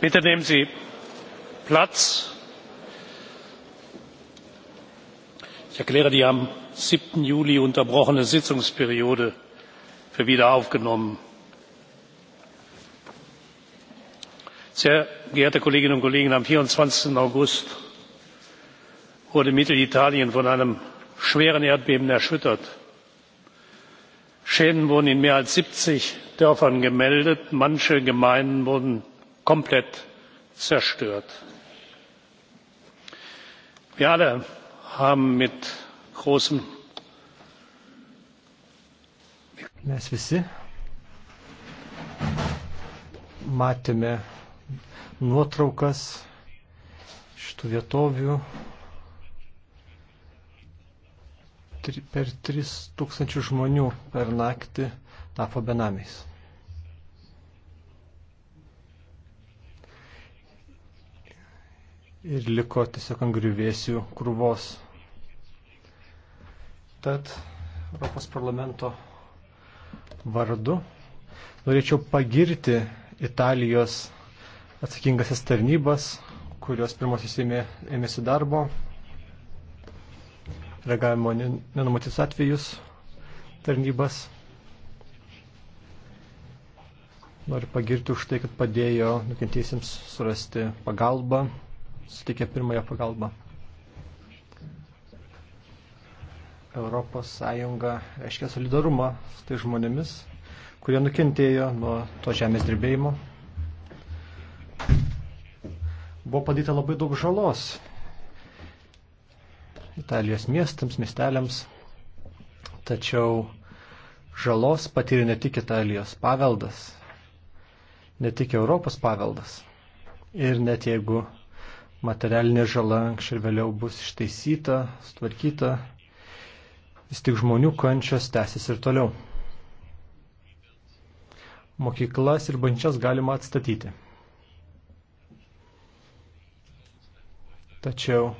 bitte nehmen sie platz. ich erkläre die am. sieben juli unterbrochene sitzungsperiode für wieder aufgenommen. sehr geehrte kolleginnen und kollegen! am. vierundzwanzig august wurde mittelitalien von einem schweren erdbeben erschüttert. schäden wurden in mehr als siebzig dörfern gemeldet manche gemeinden wurden komplett zerstört. wir alle haben mit großem Mes visi matėme nuotraukas šitų vietovių. Per 3000 žmonių per naktį tapo benamiais. ir liko tiesiog ant griuvėsių krūvos. Tad Europos parlamento vardu norėčiau pagirti Italijos atsakingasias tarnybas, kurios pirmosios ėmė, ėmėsi darbo, reagavimo nenumatytus atvejus tarnybas. Noriu pagirti už tai, kad padėjo nukentėjusiems surasti pagalbą suteikia pirmąją pagalbą. Europos Sąjunga reiškia solidarumą su tai žmonėmis, kurie nukentėjo nuo to žemės drebėjimo. Buvo padaryta labai daug žalos Italijos miestams, miesteliams, tačiau žalos patyrė ne tik Italijos paveldas, ne tik Europos paveldas. Ir net jeigu materialinė žala anksčiau ir vėliau bus ištaisyta, sutvarkyta, vis tik žmonių kančios tęsis ir toliau. Mokyklas ir bančias galima atstatyti. Tačiau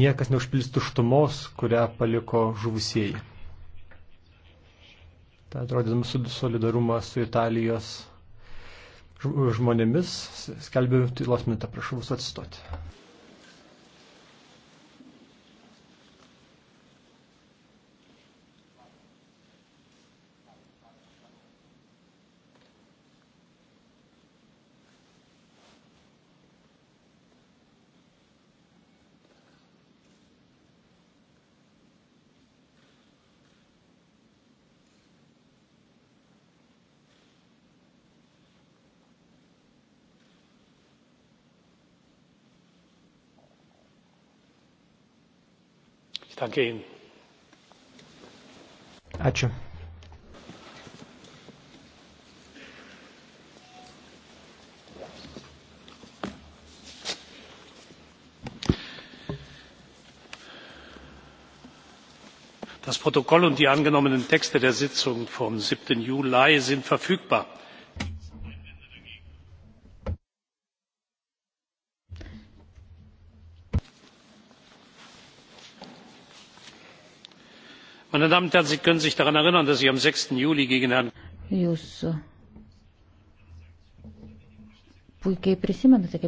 niekas neužpils tuštumos, kurią paliko žuvusieji. Tai atrodydami solidarumą su Italijos žmonėmis. Skelbiu tylos minutę, prašau visų atsistoti. Danke Ihnen. Ačiū. das protokoll und die angenommenen texte der sitzung vom. sieben juli sind verfügbar. meine damen und herren sie können sich daran erinnern dass ich am. sechs juli gegen herrn jūs puikiai prisimenate kaip